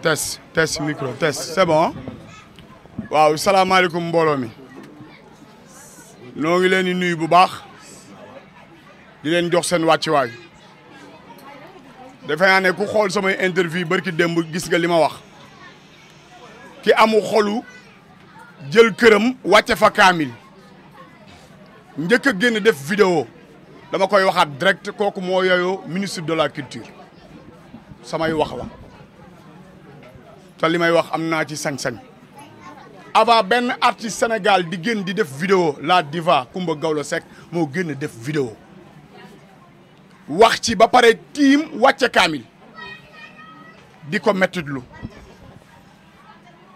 test test micro test c'est bon hein? Wow, Salam alikum, mi Long il il di Boubach. bu est defe naa ne ku xool samay interview barki démb gis nga li ma wax ki amu xoolu jël këram wàcce fa kaamil njëkk a génn def vidéo dama koy waxaat direct kooku moo yooyu ministre de la culture samay wax la te li may wax am naa ci sañ-sañ avant benn artiste Sénégal di génn di def vidéo la diva Coumba Gawlo Seck moo génn def vidéo wax ci ba pare tiim wàcce kaamil di ko mettitlu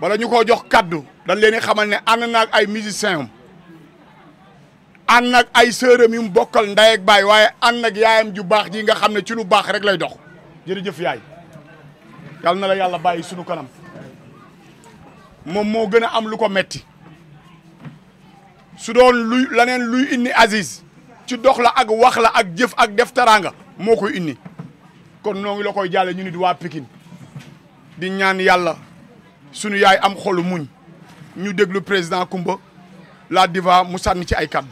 bala ñu ko jox kaddu dañ leen di xamal ne ànd naag ay musiciens am ànd naag ay sërëm yum bokkal nda ak baay waaye ànd ak yaayam ju baax ji nga xam ne ci lu baax rek lay dox jërëjëf yaay yal na la yàlla bàyyi sunu kanam moom moo gën a am lu ko metti su doon luy laneen luy indi Aziz ci dox la ak wax la ak jëf ak def teraanga moo koy indi kon noo ngi la koy jàlle ñu nit waa Pikine di ñaan yàlla sunu yaay am xolu muñ ñu déglu président Kumba la diva mu sànni ci ay kàddu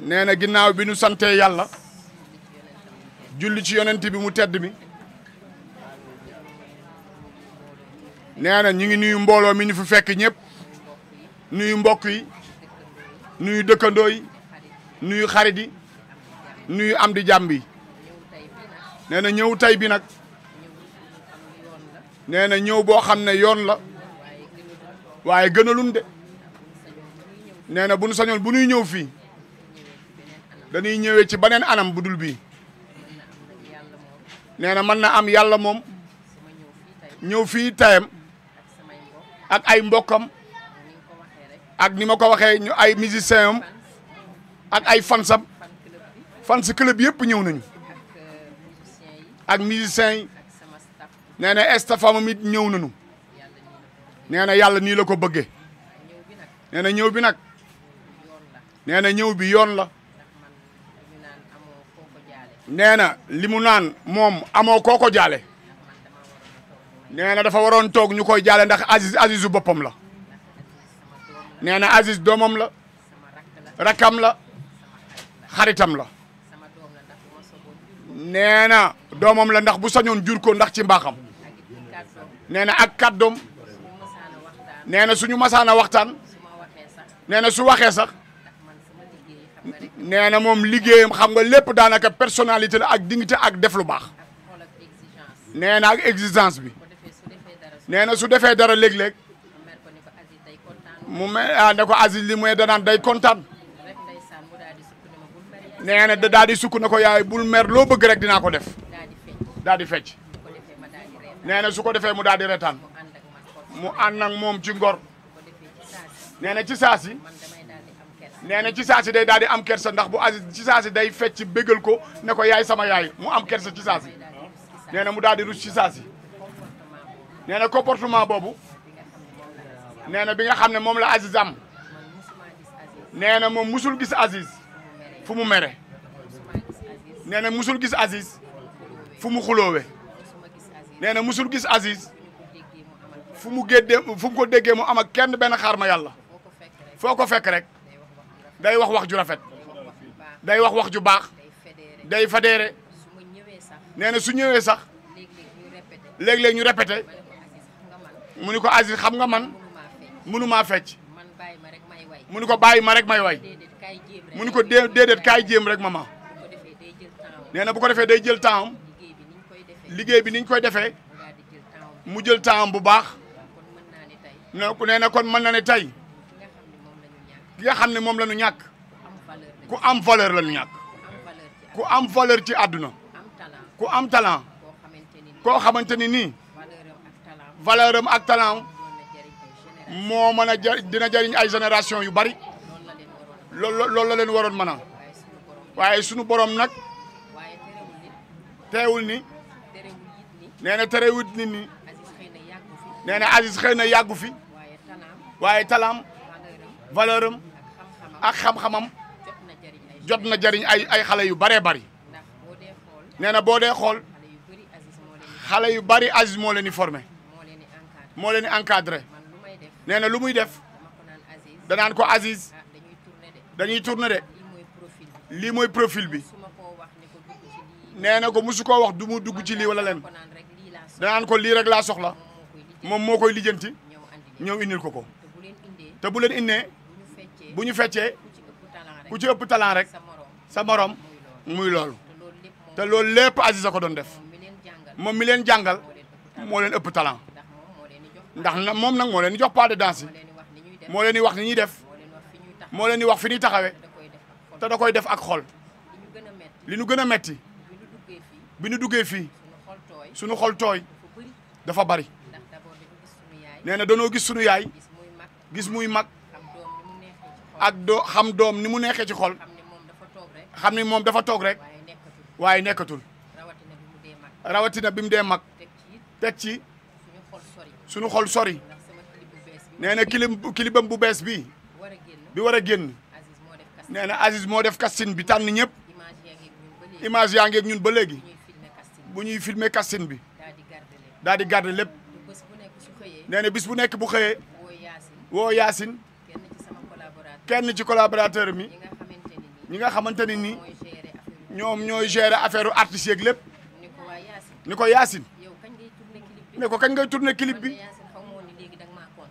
neena ginnaaw bi nu santee yàlla julli ci yonent bi mu tedd mi nee na ñu ngi nuyu mbooloo mi ñu fi fekk ñëpp nuyu mbokk yi nuyu dëkkandoo yi nuyu xarit yi nuyu am di jàmm yi nee na ñëw tey bi nag nee na ñëw boo xam ne yoon la waaye gënalun de nee na bu nu sañoon bu nuy ñëw fii dañuy ñëwee ci beneen anam bu dul bii nee na mën na am yàlla moom ñëw fii tayam ak ay mbokkam ak ni ma ko waxee ñu ay musiciens am ak ay fansam fans club yëpp ñëw nañu ak musiciens yi nee na estafam mi ñëw nañu nee na yàlla nii la ko bëggee nee na ñëw bi nag nee na ñëw bi yoon la nee na li mu naan moom amoo koo ko jaale nee na dafa waroon toog ñu koy jaale ndax Aziz Azizu boppam la nee na Aziz doomam la rakkam la xaritam la nee na doomam la ndax bu sañoon jur ko ndax ci mbaaxam nee na ak kàddoom nee na suñu masaana waxtaan nee na su waxee sax nee na moom liggéeyam xam nga lépp daanaka personnalité la ak dignité ak def lu baax nee na ak exigence bi nee na su defee dara léeg-léeg mu me ah ne ko Aziz li mooy danaan day kontaan nee na daal di sukk na ko yaay bul mer loo bëgg rek dinaa ko def daal di fecc nee na su ko defee mu daal di retaan mu ànd moom ci ngor nee na ci saasi nee na ci saasi day daal di am kersa ndax bu Aziz ci saasi day fecc bégal ko ne ko yaay sama yaay mu am kersa ci saasi nee mu daal di rus ci saasi nee na comportement boobu. nee na bi nga xam ne moom la Aziz am nee na moom musul gis Aziz fu mu mere nee na musul gis Aziz fu mu xuloowe nee na musul gis Aziz fu mu géddee fu mu ko déggee mu am ak kenn benn xaar ma yàlla foo ko fekk rek day wax wax ju rafet day wax wax ju baax day fadeere nee na su ñëwee sax léeg-léeg ñu répété mu ni ko Aziz xam nga man munu maa fecc munu ko bàyyi ma rek may way munu ko déedéet kaay jéem rek mama nee na bu ko defee day jël temps liggéey bi niñ koy defee mu jël temps am bu baax nee na kon mën na ne tay ki nga xam ne moom la nu ñàkk ku am valeur la ñu ñàkk ku am valeur ci àdduna ku am talent koo xamante ni nii valeur ak talent moo mën a jar dina jariñ ay génération yu bari loolu loolu la leen waroon mën a waaye sunu borom nag teewul ni nee na terewut nit ñi nee na Aziz xëy na yàggu fi waaye talaam valeur am ak xam-xamam jot na jariñ ay ay xale yu baree bari nee na boo dee xool xale yu bari Aziz moo leen di formé moo leen di encadré. nee na lu muy def danaan ko Aziz ah, dañuy na de lii mooy profil bi nee na ko mosu koo wax du mu dugg ci lii wala leen danaan ko lii rek laa soxla moom moo koy lijjanti ñëw indil ko ko te bu leen indee bu ñu feccee ku ci ëpp talent rek sa morom muy loolu te loolu lépp Aziz ko doon def moom mi leen jàngal moo leen ëpp talent ndax na moom nag moo leen jox pas de danse moo leen di wax ni ñuy def moo leen di wax fi ñuy taxawee te da koy def ak xol li ñu gën a metti bi nu duggee fii suñu xol tooy dafa bari nee na danoo gis suñu yaay gis muy mag ak doo xam doom ni mu neexee ci xol xam ni moom dafa toog rek waaye nekkatul rawatina bi mu dee mag teg ci suñu xol sori nee na kilim kilibam bu bees bi bi war a génn nee na Aziz moo def casting bi tànn ñëpp image yaa ngeeg ñun ba léegi bu ñuy filmer casting bi daal di garder lépp nee na bis bu nekk bu xëyee woo Yacine kenn ci collaborateur mi ñi nga xamante ni nii ñoom ñooy gérer affaire artistes yeeg lépp ni ko yasin ne ko kañ ngay tourné clip bi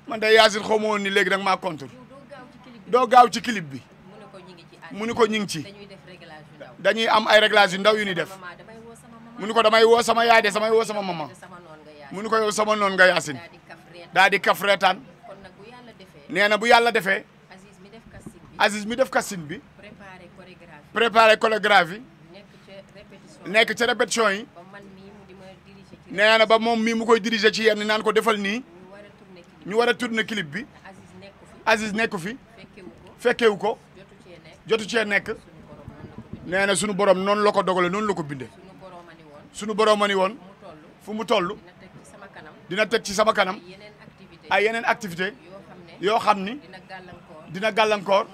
man day Yacine xaw ma ni léegi dang maa contre doo gaaw ci clip bi mu ni ko ñu ngi ci dañuy am ay réglage yu ndaw yu ni def mu ni ko damay woo sama yaay de samay woo sama mama mu ni ko yow sama noonu nga Yacine daa di kaf reetaan nee na bu yàlla defee Aziz mi def casting bi préparé yi nekk ca répétition yi nee na ba moom mii mu koy diriger ci yenn naan ko defal nii ñu war a tourner clip bi Aziz nekku fi fekkewu ko jotu cee nekk nee na sunu borom noonu la ko dogale noonu la ko bindee sunu borom a ni woon fu mu toll dina teg ci sama kanam ay yeneen activité yoo xam ni dina gàllankoor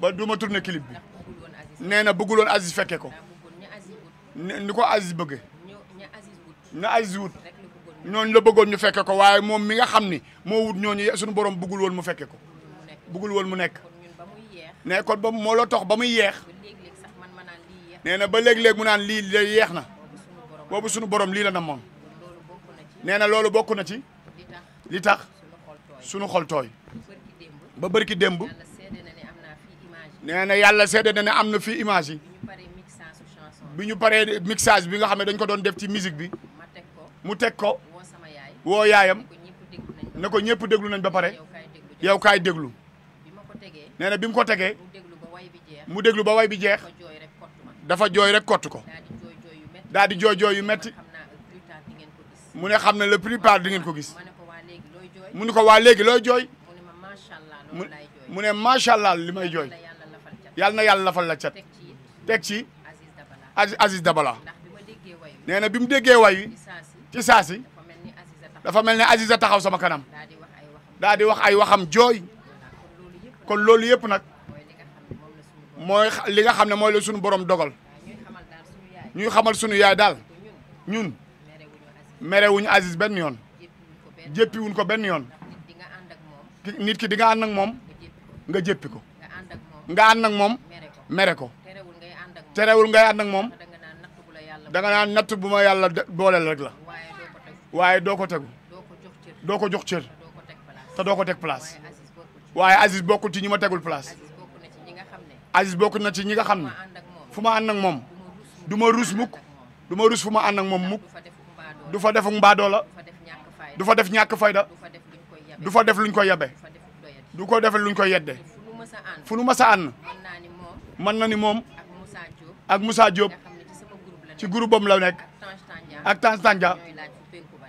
ba du ma tourner clip bi nee na bëgguloon Aziz fekke ko ni ko Aziz bëggee na ay ziwut ñooñu la bëggoon ñu fekke ko waaye moom mi nga xam ni moo wut ñooñu suñu borom bëggul woon mu fekke ko bëggul woon mu nekk ne kon ba moo la tox ba muy yeex nee na ba léeg-léeg mu naan lii lay yeex na boobu suñu borom lii la na moom nee na loolu bokk na ci li tax suñu xol tooy ba bërki démb nee na yàlla seede na ne am na fi image yi bi ñu paree mixage bi nga xam ne dañ ko doon def ci musique bi mu teg ko woo yaayam ne ko ñëpp déglu nañ ba pare yow kaay déglu nee na bi mu ko tegee mu déglu ba way bi jeex dafa jooy rek kott ko daal di jooy jooy yu metti mu ne xam ne le plus part di ngeen ko gis mu ne ko waa léegi looy jooy mu ne macha allah li may jooy yàlla na yàlla lafal la cat teg ci Aziz Dabala nee bi mu déggee way ci saa si dafa mel ne Aziza taxaw sama kanam daa di wax ay waxam jooy kon loolu yëpp nag mooy li nga xam ne mooy la suñu boroom dogal ñuy xamal sunu yaay daal ñun merewuñu Aziz benn yoon jéppiwuñ ko benn yoon nit ki dinga nga ànd moom nga jéppi ko nga ànd ak moom mere ko terewul ngay ànd ak moom danga naan natt bu ma yàlla boole rek la waaye doo ko tegu doo ko jox cër te doo ko teg place waaye Aziz bokkul ci ñi ma tegul place Aziz bokk na ci ñi nga xam ne fu ma ànd ak moom du ma ruus mukk du ma ruus fu ma ànd ak moom muk du fa defuk mbaadoo la du fa def ñàkk fayda du fa def luñ koy yabe du ko defee luñ koy yedde fu nu mës a ànd na ni moom ak Moussa Diop ci groupe la nekk ak Tange Tandian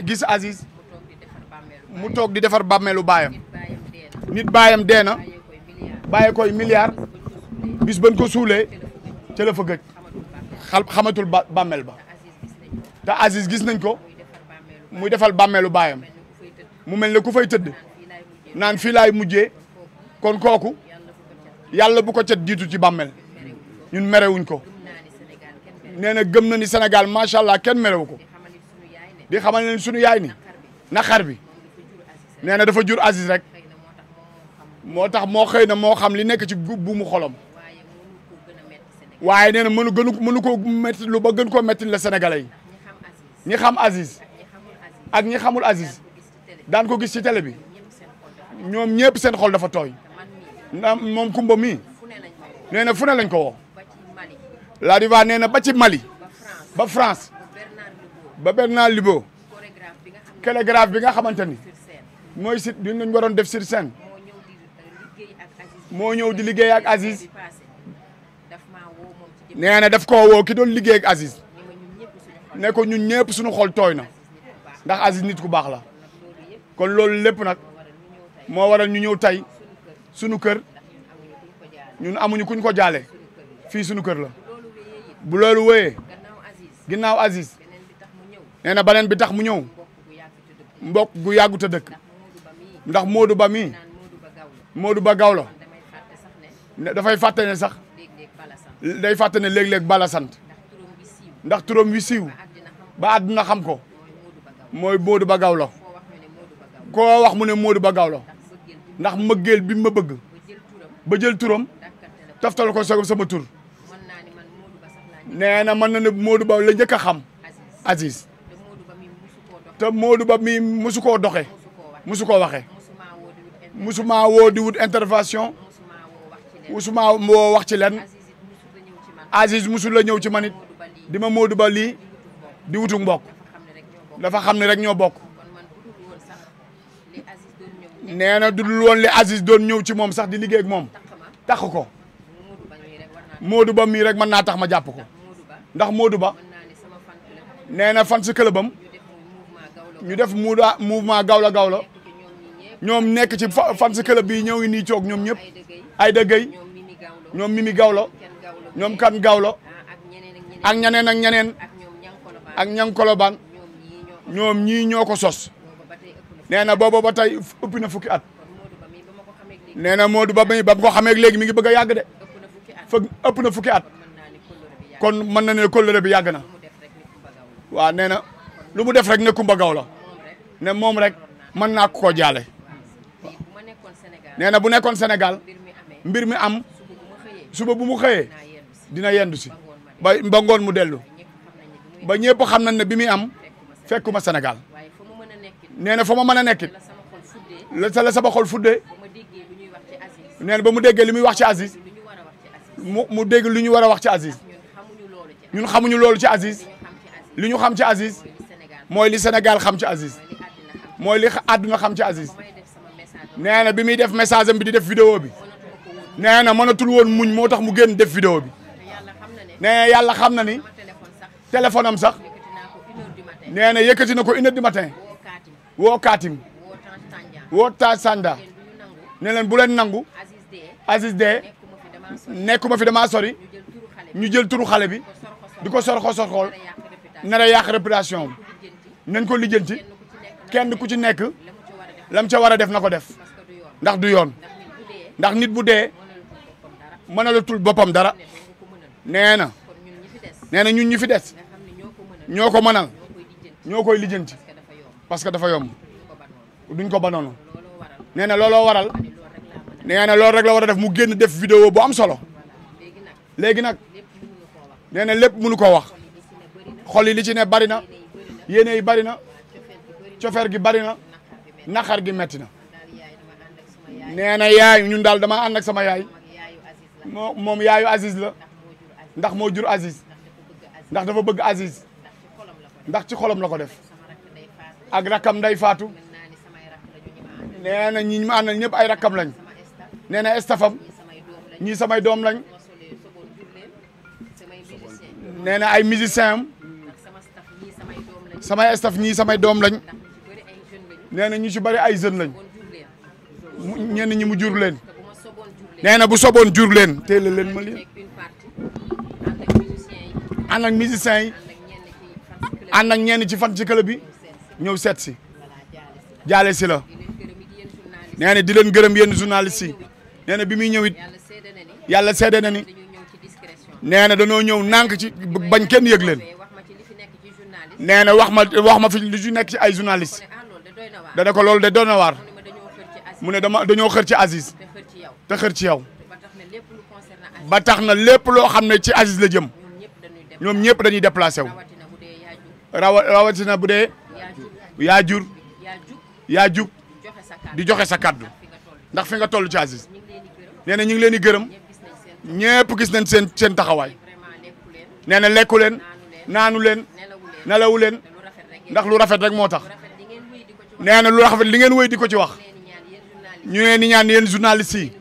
gis Aziz mu toog di defar bàmmeelu baayam nit baayam dee na bàyyi koy milliard bis bañ ko suulee ca la xamatul ba ba te Aziz gis nañ ko mu defal bàmmeelu baayam mu mel ne ku fay tëdd naan fii laay mujjee kon kooku yàlla bu ko cat jiitu ci bammel ñun merewuñ ko nee na gëm na ni Sénégal macha allah kenn merewu ko. di xamal ne sunu yaay ni naqar bi nee na dafa jur Aziz rek moo tax moo xëy na moo xam li nekk ci buumu xolam waaye nee na mënu gënu mënu koo métti lu ba gën koo métti la Sénégalais yi ñi xam Aziz ak ñi xamul Aziz daan ko gis ci télé bi ñoom ñëpp seen xol dafa tooy na moom Kumba mii nee na fu ne lañ ko woo la diva nee ba ci Mali ba France ba benn Bernard Libo chorégraphe bi nga xamante ni mooy sit bi waroon def sur scène moo ñëw di euh, liggéey ak Aziz nee na daf koo ki doon liggéey ak Aziz ne ko ñun ñëpp suñu xol tooy na ndax Aziz nit ku baax la kon loolu lépp nag moo waral ñu ñëw tey suñu kër ñun amuñu kuñ ko jaale fii suñu kër la bu loolu wéyee ginnaaw Aziz nee na beneen bi tax mu ñëw mbokk gu yàggu dëkk ndax Modou Ba mii Modou Ba gawlo dafay fàtte sax day fàttane léeg-léeg bala sant ndax turam wi siiw ba na xam ko mooy Modou Ba gawlo koo wax mu ne Modou Ba gawlo ndax mbëggeel bi ma bëgg ba jël turam taftal ko soog sama tur nee na mën na ne Modou Ba la njëkk a xam Aziz te Modou Ba mii mosu koo doxe mosu koo waxe mosuma woo di wut intervention mosuma woo wax ci leen Aziz mosu la ñëw ci man it di ma Modou Ba lii di wutuk mbokk dafa xam ne rek ñoo bokk nee na du woon li Aziz doon ñëw ci moom sax di liggéey moom tax ko Modou Ba mii rek mën naa tax ma jàpp ko ndax Modou Ba nee na fan si këlëbam ñu def muuda mouvement gawla gawlo ñoom nekk ci fan bi ñëw ngi nii coog ñoom ñëpp ay dëggay ñoom mimi gawla ñoom kan gawlo ak ñaneen ak ñaneen ak ñang kolobaan ñoom ñii ñoo ko sos nee na booba ba ëpp na fukki at nee na Modou Ba mi ba ko xamee léegi mi ngi bëgg a yàgg de ëpp na fukki at kon mën na ne kóllëre bi yàgg na waaw nee na lu mu def rek ne Kumba Gawla ne moom rek mën naa ko koo jaale nee na bu nekkoon senegal mbir mi am suba bu mu xëyee dina yendu si ba ngoon mu dellu ba ñëpp xam na ne bi muy am fekkuma Sénégal nee na fa ma mën a nekkit la sa la sama xol fuddee nee ba mu déggee li muy wax ci Aziz mu mu dégg lu ñu war a wax ci Aziz ñun xamuñu loolu ci Aziz li ñu xam ci Aziz moy li Sénégal xam ci Aziz moy li aduna xam ci Aziz neena bi mi def message bi di def vidéo bi neena manatul won muñ motax mu génn def vidéo bi neena yàlla xam na ni téléphone am sax neena na nako na ko une heure du matin wo katim wo Taaj Sanda ne leen bu len nangu Aziz de nekuma fi dama sori ñu jël turu xale bi di ko sorxo sorxool nar a yàq réputation nañ ko lijjanti kenn ku ci nekk lam ca war a def na ko def ndax du yoon ndax nit bu dee mënalatul boppam dara nee na nee na ñun ñi fi des ñoo ko mënal ñoo koy lijjanti parce que dafa yomb duñ ko ba noonu na looloo waral nee na loolu rek la war a def mu génn def vidéo bu am solo léegi nag nee na lépp mënu koo wax xol yi ci ne bari na yéene yi bari na cofeer gi bari na naxar gi metti na nee na yaay ñun daal dama ànd sama yaay moo moom yaayu Aziz la ndax moo jur Aziz ndax dafa bëgg Aziz ndax ci xolom la ko def ak rakkam nday faatu nee na ñi ma àndal ñëpp ay rakkam lañ nee na ñii samay doom lañ nee ay musicien am samay staff ñii samay doom lañ nee na ñu ci bëri ay jeunes lañ ñenn ñi mu jur leen nee na bu soboon jur leen téele leen ma leen ànd ak musiciens yi ànd ñenn ci fan ci club bi ñëw seet si jaale sila la nee di leen gërëm yéen journalistes yi nee bi muy ñëwit it yàlla seede na ni nee na dañoo ñëw nànk ci bañ kenn yëg leen. nee na wax ma wax ma fi lu ci nekk ci ay journaliste ah, dana ko loolu de doy waar mu ne dama dañoo xër ci Aziz te xër ci yow ba tax na lépp loo xam ne ci Aziz la jëm ñoom ñëpp dañuy déplacé wu rawa rawatina bu dee yaa jur yaa jug di joxe sa kàddu ndax fi nga toll ci Aziz nee na ñu ngi leen di gërëm ñëpp gis nañ seen seen taxawaay nee lekku leen naanu leen nelawu leen ndax lu rafet rek moo tax nee na lu rafet li ngeen wéy di ko ci wax ñu ne ni ñaan yéen journaliste yi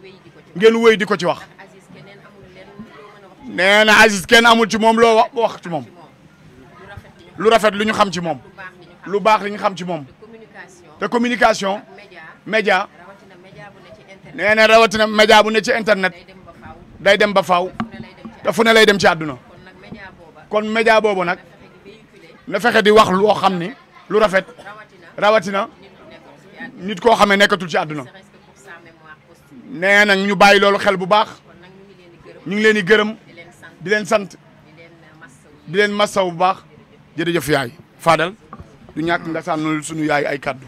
ngeen wéy di ko ci wax nee na Aziz kenn amul ci moom loo wax ci moom lu rafet lu ñu xam ci moom lu baax li ñu xam ci moom te communication média nee na rawatina média bu ne ci internet day dem ba faaw te fu ne lay dem ci àdduna kon média boobu nag na fexe di wax loo xam ni lu rafet rawatina nit koo xame nekkatul ci àdduna nee nag ñu bàyyi loolu xel bu baax ñu ngi leen di gërëm di leen sant di leen massaw bu baax jërëjëf yaay faadal du ñàkk nga sànnul suñu yaay ay kàddu